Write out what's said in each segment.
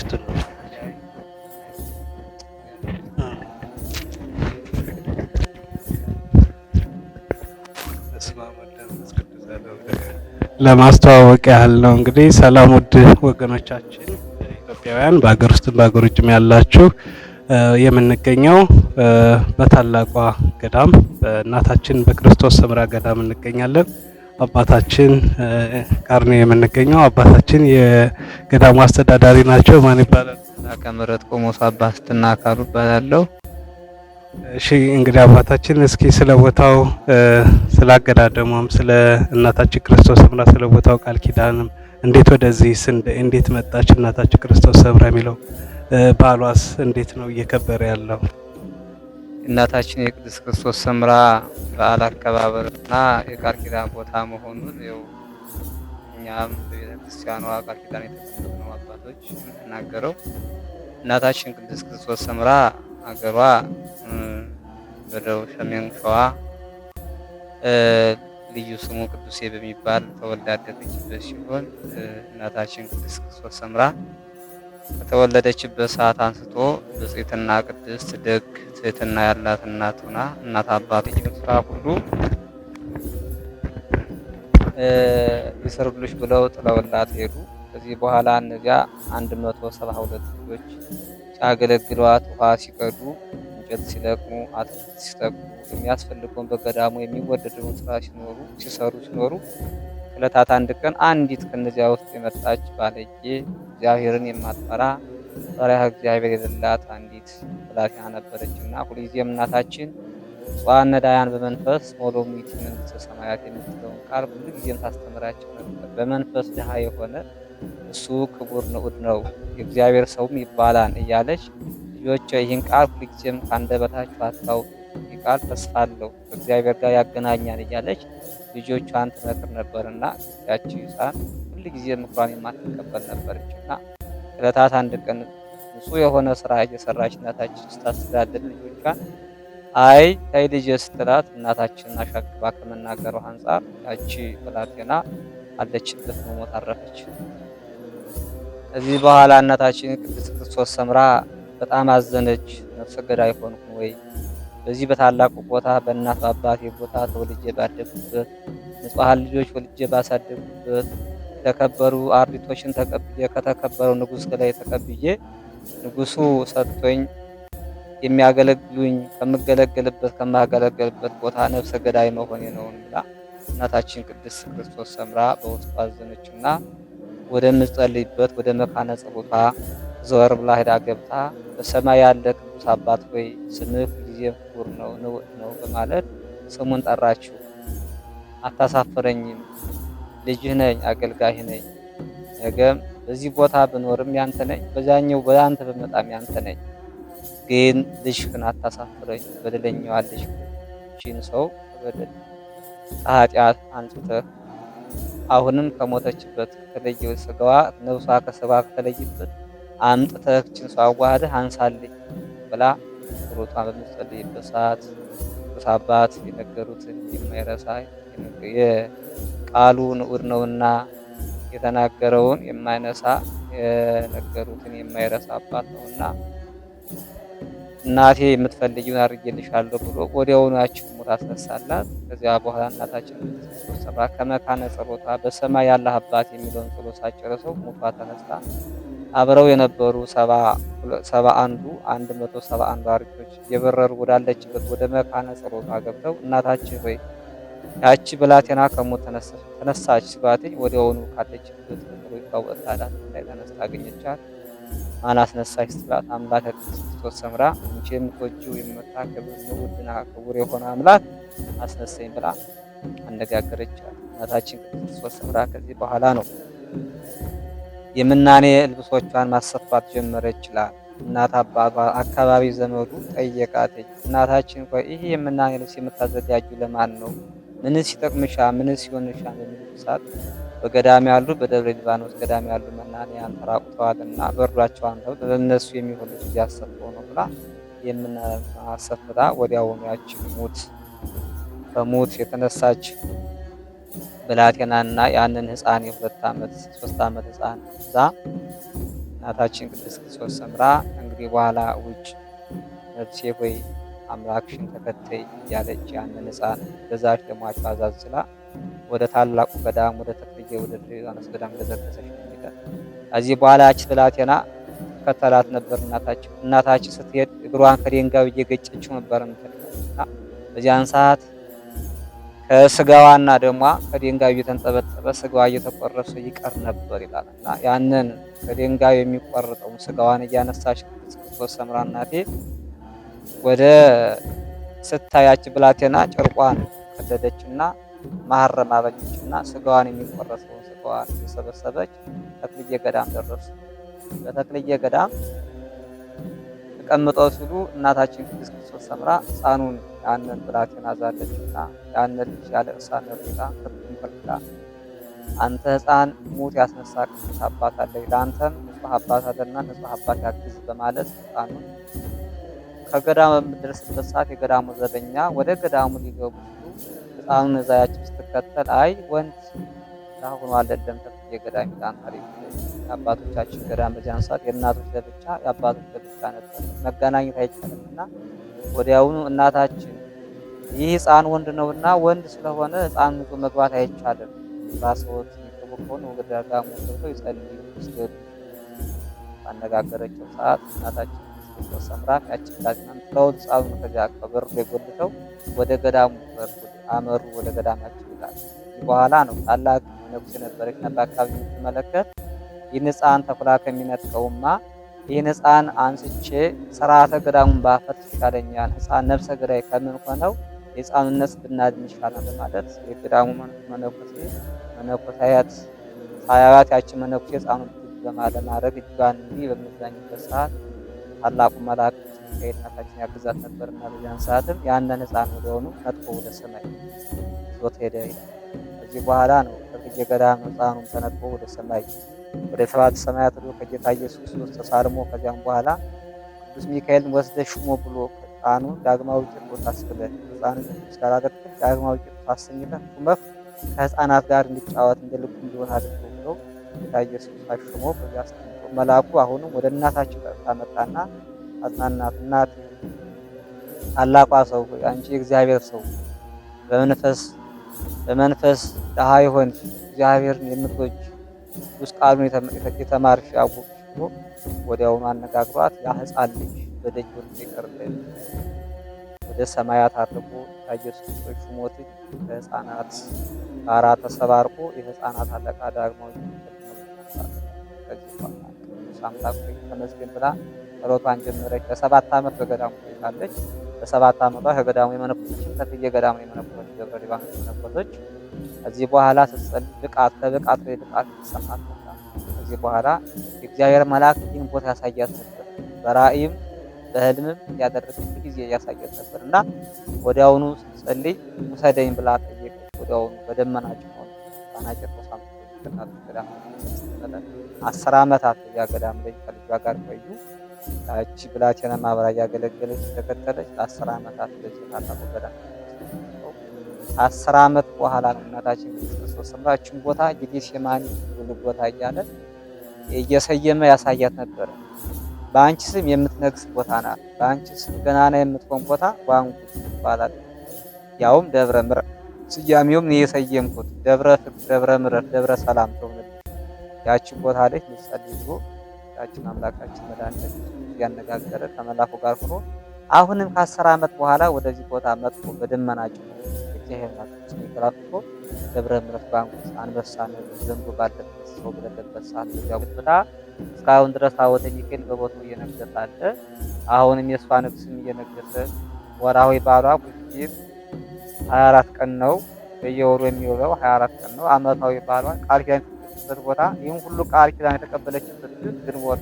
Yapıştır. Ha. ለማስተዋወቅ ያህል ነው። እንግዲህ ሰላም ውድ ወገኖቻችን ኢትዮጵያውያን በሀገር ውስጥም በሀገር ውጭም ያላችሁ የምንገኘው በታላቋ ገዳም በእናታችን በክርስቶስ ሰምራ ገዳም እንገኛለን። አባታችን ጋር ነው የምንገኘው። አባታችን የገዳሙ አስተዳዳሪ ናቸው። ማን ይባላል? ከምህረት ቆሞስ አባ ስትና አካሉ እባላለሁ። እሺ እንግዲህ አባታችን እስኪ ስለ ቦታው ስላገዳደሙም ስለ እናታችን ክርስቶስ ሰምራ ስለ ቦታው ቃል ኪዳንም እንዴት ወደዚህ ስንደ እንዴት መጣች እናታችን ክርስቶስ ሰምራ የሚለው በዓሏስ እንዴት ነው እየከበረ ያለው? እናታችን የቅዱስ ክርስቶስ ሰምራ በዓል አከባበርና የቃል ኪዳን ቦታ መሆኑን ው እኛም በቤተ ክርስቲያኗ ቃል ኪዳን የተቀበሉ አባቶች ተናገረው። እናታችን ቅዱስ ክርስቶስ ሰምራ አገሯ በደቡብ ሰሜን ሸዋ ልዩ ስሙ ቅዱሴ በሚባል ተወልዳ ያደገችበት ሲሆን እናታችን ቅዱስ ክርስቶስ ሰምራ ከተወለደችበት ሰዓት አንስቶ ብጽዕትና ቅድስት ደግ ትህትና ያላት እናት ሆና እናት አባት ይህን ስራ ሁሉ ይሰሩልሽ ብለው ጥለውላት ሄዱ። ከዚህ በኋላ እነዚያ 172 ልጆች ሲያገለግሏት ውሃ ሲቀዱ፣ እንጨት ሲለቅሙ፣ አትክልት ሲተክሉ የሚያስፈልገውን በገዳሙ የሚወደደውን ስራ ሲኖሩ ሲሰሩ ሲኖሩ ዕለታት አንድ ቀን አንዲት ከነዚያ ውስጥ የመጣች ባለጌ እግዚአብሔርን የማትፈራ ፈሪሃ እግዚአብሔር የሌላት አንዲት መላኪያ ነበረች እና ሁልጊዜም እናታችን ጽዋ ዳያን በመንፈስ ሞሎሚት መንግስተ ሰማያት የምትለውን ቃል ብዙ ጊዜም ታስተምራቸው ነበር። በመንፈስ ድሃ የሆነ እሱ ክቡር ንዑድ ነው የእግዚአብሔር ሰውም ይባላል እያለች ልጆች ይህን ቃል ሁልጊዜም ከአንደበታችሁ አታው ቃል ተስፋ አለው ከእግዚአብሔር ጋር ያገናኛል እያለች ልጆቿን ትመክር ነበርና ያቺ ሕፃን ሁልጊዜ ምክሯን የማትቀበል ነበረች እና ዕለታት አንድ ቀን ንጹሕ የሆነ ስራ እየሰራች እናታችን ስታስተዳድር ልጆቿን አይ ታይ ልጅ ስትላት እናታችንን አሻግባ አንጻር ያቺ ብላቴና አለችበት መሞት አረፈች። ከዚህ በኋላ እናታችን ቅድስት ክርስቶስ ሰምራ በጣም አዘነች። ነፍሰ ገዳይ ሆንኩ ወይ በዚህ በታላቁ ቦታ በእናት አባቴ ቦታ ተወልጄ ባደግኩበት ንጹሐን ልጆች ወልጄ ባሳደጉበት ለከበሩ አርቢቶችን ተቀብዬ ከተከበረው ንጉስ ላይ ተቀብዬ ንጉሱ ሰጥቶኝ የሚያገለግሉኝ ከምገለገልበት ከማገለገልበት ቦታ ነፍሰ ገዳይ መሆኔ ነው ብላ እናታችን ቅድስት ክርስቶስ ሰምራ በውስጡ አዘነችና ወደምጸልይበት ወደ መካነ ጸሎቷ ዘወር ብላ ሄዳ ገብታ በሰማይ ያለ ቅዱስ አባት ሆይ ስምህ ጊዜ ክቡር ነው ነው በማለት ስሙን ጠራችው። አታሳፍረኝም ልጅህ ነኝ፣ አገልጋይህ ነኝ። ነገም በዚህ ቦታ ብኖርም ያንተ ነኝ፣ በዛኛው በአንተ በመጣም ያንተ ነኝ። ግን ልጅህን አታሳፍረኝ፣ በደለኛዋ ልጅ ቺን ሰው በደል ከኃጢአት አንጽተህ አሁንም ከሞተችበት ከተለየው ስጋዋ ነብሷ ከስጋ ከተለየበት አምጥተህ ቺን ሰው አዋህደህ አንሳልኝ ብላ ሩቷ በምትጸልይበት ሰዓት ቅዱስ አባት የነገሩትን የማይረሳ ቃሉ ንዑድ ነውና የተናገረውን የማይነሳ የነገሩትን የማይረሳ አባት ነውና እናቴ የምትፈልጊውን አድርጌልሻለሁ ብሎ ወዲያውኑ ያችን ሙት አስነሳላት። ከዚያ በኋላ እናታችን ሰራ ከመካነ ጸሎታ በሰማይ ያለ አባት የሚለውን ጸሎት ሳጨረሰው ሙቷ ተነስታ አብረው የነበሩ ሰባ አንዱ አንድ መቶ ሰባ አንዱ አርጆች የበረሩ ወዳለችበት ወደ መካነ ጸሎታ ገብተው እናታችን ሆይ ያቺ ብላቴና ከሞት ተነሳች ተነሳች ስባትኝ ወዲያውኑ ካለችበት ሩቃ ወጣላ ተነስታ አገኘቻት። ማን አስነሳች ስላት አምላከ ክርስቶስ ሰምራ እንጂ የምትወጂው የምታ ከብዙ ውድና ክቡር የሆነ አምላክ አስነሳኝ ብላ አነጋገረቻት። እናታችን ክርስቶስ ሰምራ ከዚህ በኋላ ነው የምናኔ ልብሶቿን ማሰፋት ጀመረች ላ እናት አባቷ አካባቢ ዘመዱ ጠየቃት። እናታችን ቆይ ይሄ የምናኔ ልብስ የምታዘጋጁ ለማን ነው? ምንስ ይጠቅምሻል? ምንስ ይሆንሻል? በሚሉ ሰዓት በገዳም ያሉ በደብረ ሊባኖስ ገዳም ያሉ መናንያን ተራቁተዋልና በርዷቸው አንተው ለእነሱ የሚሆን ልጅ ያሰፈው ነው ብላ የምናሰፍራ ወዲያውኑ ያች ሙት በሞት የተነሳች ብላቴናና ያንን ህፃን የሁለት ዓመት ሶስት ዓመት ህፃን እዛ እናታችን ቅድስት ክርስቶስ ሰምራ እንግዲህ በኋላ ውጭ ነፍሴ ሆይ አምላክሽን ተከተይ እያለች ያንን ሕፃን በዛች ለሟቹ አዛዝ ስላ ወደ ታላቁ ገዳም ወደ ተክልዬ ወደ ዮሐንስ ገዳም ገዘገሰች። ከዚህ በኋላ ያች ብላቴና ከተላት ነበር። እናታችን እናታችን ስትሄድ እግሯን ከድንጋይ እየገጨችው ነበር ምትልና በዚያን ሰዓት ከስጋዋና ደሟ ከድንጋዩ እየተንጠበጠበ ስጋዋ እየተቆረሰ ይቀር ነበር ይላል እና ያንን ከድንጋዩ የሚቆርጠውን ስጋዋን እያነሳች ክርስቶስ ሰምራ እናቴ ወደ ስታያች ብላቴና ጨርቋን ቀደደችና መሀረም አበጀችና ስጋዋን የሚቆረሰውን ስጋዋን የሰበሰበች ተክልዬ ገዳም ደረሱ። በተክልዬ ገዳም ተቀምጠው ሲሉ እናታችን ቅድስት ክርስቶስ ሰምራ ሕፃኑን ያንን ብላቴና ዛለችና ያንን ልጅ ያለ እሳን ነርታ ተንፈልፍላ አንተ ሕፃን ሙት ያስነሳ ቅዱስ አባት አለኝ ለአንተም ንጹሕ አባት አለና ንጹሕ አባት ያግዝ በማለት ሕፃኑን ከገዳም በምደርስበት ሰዓት የገዳሙ ዘበኛ ወደ ገዳሙ ሊገቡ ሕፃኑን እዛ ስትከተል አይ ወንድ ለአሁኑ አለለም ተፍ ገዳም ይላል ታሪክ። የአባቶቻችን ገዳም በዚያን ሰዓት የእናቶች ለብቻ የአባቶች ለብቻ ነበር፣ መገናኘት አይቻልም እና ወዲያውኑ እናታችን ይህ ህፃን ወንድ ነው እና ወንድ ስለሆነ ህፃን ምግብ መግባት አይቻልም፣ ራስዎት የሚጠብቀውን ወደ ገዳሙ ገብተው ይጸልዩ ስገዱ አነጋገረችው ሰዓት እናታችን ብለው ሰምራ ያችን ዳግማን ጥለውት ጻሉን ከዚያ ከበሩ ላይ ወደ ገዳሙ በርኩት አመሩ። ወደ ገዳማቸው ይላል። በኋላ ነው ታላቅ ንጉሥ የነበረችና በአካባቢ የምትመለከት ይህን ሕፃን ተኩላ ከሚነጥቀውማ ይህን ሕፃን አንስቼ ስርዓተ ገዳሙን ባፈርስ ይሻለኛል። ሕፃን ነፍሰ ገዳይ ከምን ሆነው የሕፃኑነት ብናድን ይሻላል በማለት የገዳሙ መነኮሴ መነኮሳያት ሳያያት ያችን መነኩሴ ሕፃኑን በማለማድረግ እጇን እንዲህ በምዛኝበት ሰዓት ታላቁ መልአክ ሚካኤል እናታችን ያግዛት ነበርና በዚያን ሰዓትም ያንን ሕፃን ወደሆኑ ነጥቆ ወደ ሰማይ ዞት ሄደ። ከዚህ በኋላ ነው ከቅጄ ገዳም ሕፃኑም ተነጥቆ ወደ ሰማይ ወደ ሰባት ሰማያት ዶ ከጌታ ኢየሱስ ክርስቶስ ተሳልሞ ከዚያም በኋላ ቅዱስ ሚካኤል ወስደ ሹሞ ብሎ ሕፃኑ ዳግማዊ ቂርቆስ አስክለ ሕፃኑ ቅዱስ ካላደርግ ዳግማዊ ቂርቆስ አሰኝተህ ሹመህ ከሕፃናት ጋር እንዲጫወት እንደልቡ እንዲሆን አድርጎ ብለው ጌታ ኢየሱስ አሹሞ በዚያ መልአኩ አሁንም ወደ እናታቸው ቀጥታ መጣና አጽናናት። እናት ታላቋ ሰው አንቺ እግዚአብሔር ሰው በመንፈስ በመንፈስ ድሃ የሆንሽ እግዚአብሔርን የምትወጅ ውስጥ ቃሉን የተማርሽ ያወቅሽ ብሎ ወዲያውኑ አነጋግሯት ያ ሕፃን ልጅ በደጅ ወርዶ ይቀርበል ወደ ሰማያት አድርጎ ኢየሱስ ክርስቶስ ሞት ከሕፃናት ጋራ ተሰባርቆ የህፃናት አለቃ ዳግማዊ ሳምንት አቆይ ተመስገን ብላ ጸሎቷን ጀመረች። ለሰባት ዓመት በገዳሙ ቆይታለች። በሰባት ዓመቷ ከገዳሙ የመነኮሶችን ከትየ ገዳሙ የመነኮሶች ገብረ ሊባኖስ መነኮሶች ከዚህ በኋላ ስትጸልይ ብቃት ከብቃት ላይ ብቃት ይሰማል። ከዚህ በኋላ የእግዚአብሔር መልአክ ይህን ቦታ ያሳያት ነበር። በራእይም በህልምም እያደረገች ጊዜ ያሳያት ነበር እና ወዲያውኑ ስትጸልይ ውሰደኝ ብላ ጠየቀች። ወዲያውኑ በደመና ጭሆን ጣና ጭርቆስ ገዳም ተቀጠለ። አስር ዓመታት እዚያ ገዳም ላይ ከልጇ ጋር ቆዩ። ብላቴና ማብራ እያገለገለች ተከተለች። ለአስር ዓመታት ታላቁ ገዳም አስር ዓመት በኋላ እናታችን ክርስቶስ ስራችን ቦታ ቦታ እያለ እየሰየመ ያሳያት ነበረ። በአንቺ ስም የምትነግስ ቦታ ናት፣ በአንቺ ስም ገናና የምትሆን ቦታ ዋንጉ ይባላል። ያውም ደብረ ምረ ስያሜውም የሰየምኩት ደብረ ፍቅር፣ ደብረ ምረት፣ ደብረ ሰላም ተብሎ ያችን ቦታ ላይ ሊጸልይ ብሎ ያችን አምላካችን መድኃኒት እያነጋገረ ከመላኩ ጋር ሆኖ አሁንም ከአስር ዓመት በኋላ ወደዚህ ቦታ መጥቶ በደመና ጭኖ እግዚአብሔር ማለች ተላፍቶ ደብረ ምረት ባንኩስ አንበሳ ዘንዶ ባለበት ሰው በሌለበት ሰዓት በዚያ ቦታ እስካሁን ድረስ ታቦተ ሚካኤል በቦታው እየነገሰ አለ። አሁንም የእሷ ንግስም እየነገሰ ወራዊ ባሏ ጊዜ 24 ቀን ነው። በየወሩ የሚውለው 24 ቀን ነው። አመታዊ ባሏ ቃል ኪዳን የተገኘችበት ቦታ ይህም ሁሉ ቃል ኪዳን የተቀበለችበት ግንቦት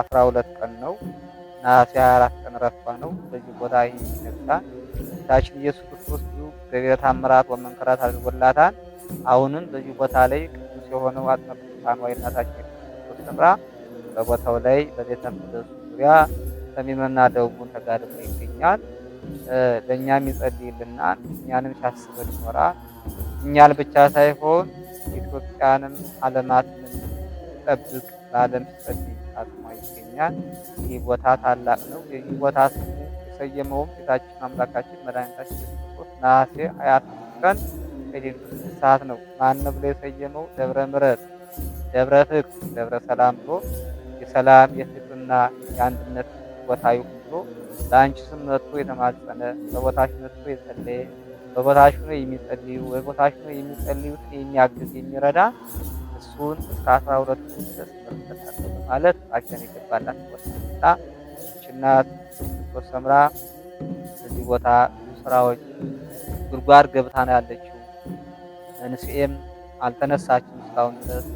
አስራ ሁለት ቀን ነው። ነሐሴ አራት ቀን ረፋ ነው። በዚህ ቦታ ይህ ነግሳ ታችን ኢየሱስ ክርስቶስ ብዙ ገቢረ ተአምራት ወመንከራት አድርጎላታል። አሁንም በዚህ ቦታ ላይ ቅዱስ የሆነው አጥመ ቅዱሳን ወይ እናታችን ክርስቶስ ተምራ በቦታው ላይ በቤተ መቅደሱ ዙሪያ ሰሜንና ደቡቡን ተጋድሞ ይገኛል። ለእኛም ይጸልይልና እኛንም ሲያስበን ይኖራል። እኛን ብቻ ሳይሆን ኢትዮጵያንም አለማት ጠብቅ ለዓለም ጸልይ አትማ ይገኛል። ይህ ቦታ ታላቅ ነው። ይህ ቦታ ስሙ የሰየመውም ጌታችን አምላካችን መድኃኒታችን ኢየሱስ ክርስቶስ ነሐሴ ሀያ ቀን ከሌሊቱ ሰዓት ነው። ማን ነው ብሎ የሰየመው? ደብረ ምረት፣ ደብረ ፍቅር፣ ደብረ ሰላም ብሎ የሰላም የፍቅርና የአንድነት ቦታ ይሁን ብሎ ለአንቺ ስም መጥቶ የተማጸነ በቦታሽ መጥቶ የጸለየ በቦታሽ ነው የሚጸልዩ በቦታሽ ነው የሚጸልዩትን የሚያግዝ የሚረዳ እሱን እስከ አስራ ሁለቱ ድረስ መርሰታለ በማለት አክሲዮን የገባላት ቦታ እናት ሰምራ እዚህ ቦታ ስራዎች ጉድጓድ ገብታ ነው ያለችው። እንስኤም አልተነሳችም እስካሁን ድረስ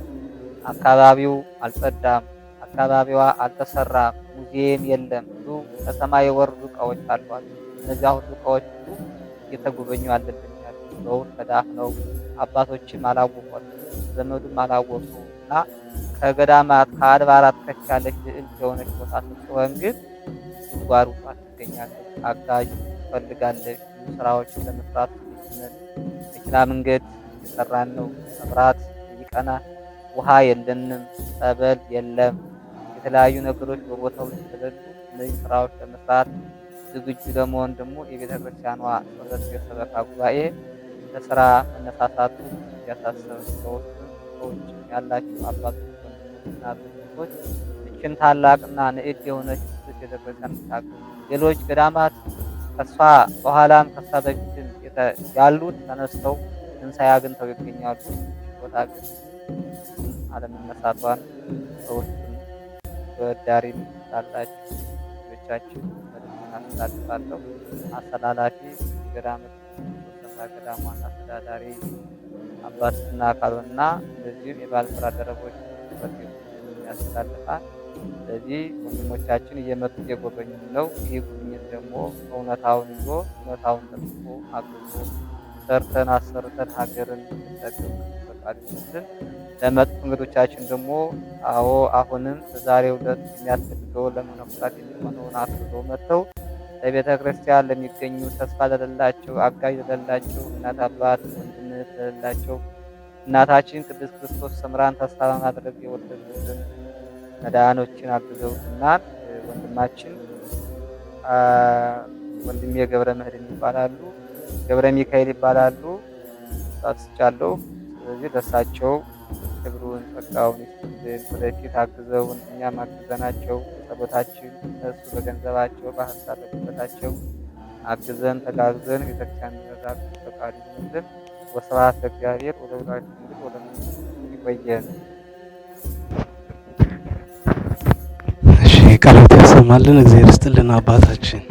አካባቢው አልጸዳም፣ አካባቢዋ አልተሰራም፣ ሙዚየም የለም። ብዙ ከሰማይ የወርዱ እቃዎች አሏት። እነዚያ ሁሉ እቃዎች ሁሉ እየተጎበኙ አለብኛል ብለውን ነው። አባቶችም አላወቁት፣ ዘመዱም አላወቁ እና ከገዳማት ከአድባራት ከች ያለች ልዕልት የሆነች ቦታ ስትሆን ግን ጉድጓድ ውስጥ ትገኛለች። አጋዥ ትፈልጋለች። ስራዎችን ለመስራት መኪና መንገድ እየሰራን ነው። መብራት ይቀና፣ ውሃ የለንም፣ ጸበል የለም። የተለያዩ ነገሮች በቦታው ስለሌሉ እነዚህ ስራዎች ለመስራት ዝግጁ ለመሆን ደግሞ የቤተ ክርስቲያኗ ጸሎት የሰበካ ጉባኤ ለስራ መነሳሳቱ ያሳሰብ ሰዎች ያላቸው አባቶችና እናቶች እችን ታላቅና ንዕድ የሆነች ቅዱስ ቤተ ክርስቲያን ሌሎች ገዳማት ከሷ በኋላም ከሷ በፊትም ያሉት ተነስተው ትንሣኤ አግኝተው ይገኛሉ። ቦታ ግን አለመነሳቷን ሰዎችን በዳሪም ላላችሁ ልጆቻችሁ አስተላልፋለሁ። አስተላላፊ ገዳም ገዳም ዋና አስተዳዳሪ አባትና አካሉና እንደዚሁም የባህል ስራ ደረቦች ያስተላልፋል። ስለዚህ ወንድሞቻችን እየመጡ እየጎበኙ ነው። ይህ ጉብኝት ደግሞ እውነታውን ይዞ እውነታውን ጠብቆ አግዞ ሰርተን አሰርተን ሀገርን ጠቅም በረከት አድርስልን። ለመጡ እንግዶቻችን ደግሞ አዎ አሁንም በዛሬው ዕለት የሚያስፈልገው ለመነኮሳት የሚሆነውን አስበው መጥተው ለቤተ ክርስቲያን ለሚገኙ ተስፋ ለሌላቸው አጋዥ ለሌላቸው እናት አባት ወንድነት ለሌላቸው እናታችን ቅድስት ክርስቶስ ሰምራን ተስፋ በማድረግ የወደዱትን መድኃኖችን አግዘውትናል። ወንድማችን ወንድሜ ገብረ ምህድን ይባላሉ፣ ገብረ ሚካኤል ይባላሉ። ጣስቻለሁ ስለዚህ ለሳቸው ክብሩን ጸጋውን ይስጥልን። ወደፊት አግዘውን እኛም አግዘናቸው ጸሎታችን እነሱ በገንዘባቸው በሀሳብ በጉልበታቸው አግዘን ተጋግዘን ቤተክርስቲያን ረዳት ፈቃድ ይሁንልን። ወስብሐት ለእግዚአብሔር ወለወላዲቱ ድንግል ወለመስቀሉ ይቆየን። እሺ ያሰማልን። እግዚአብሔር ይስጥልን አባታችን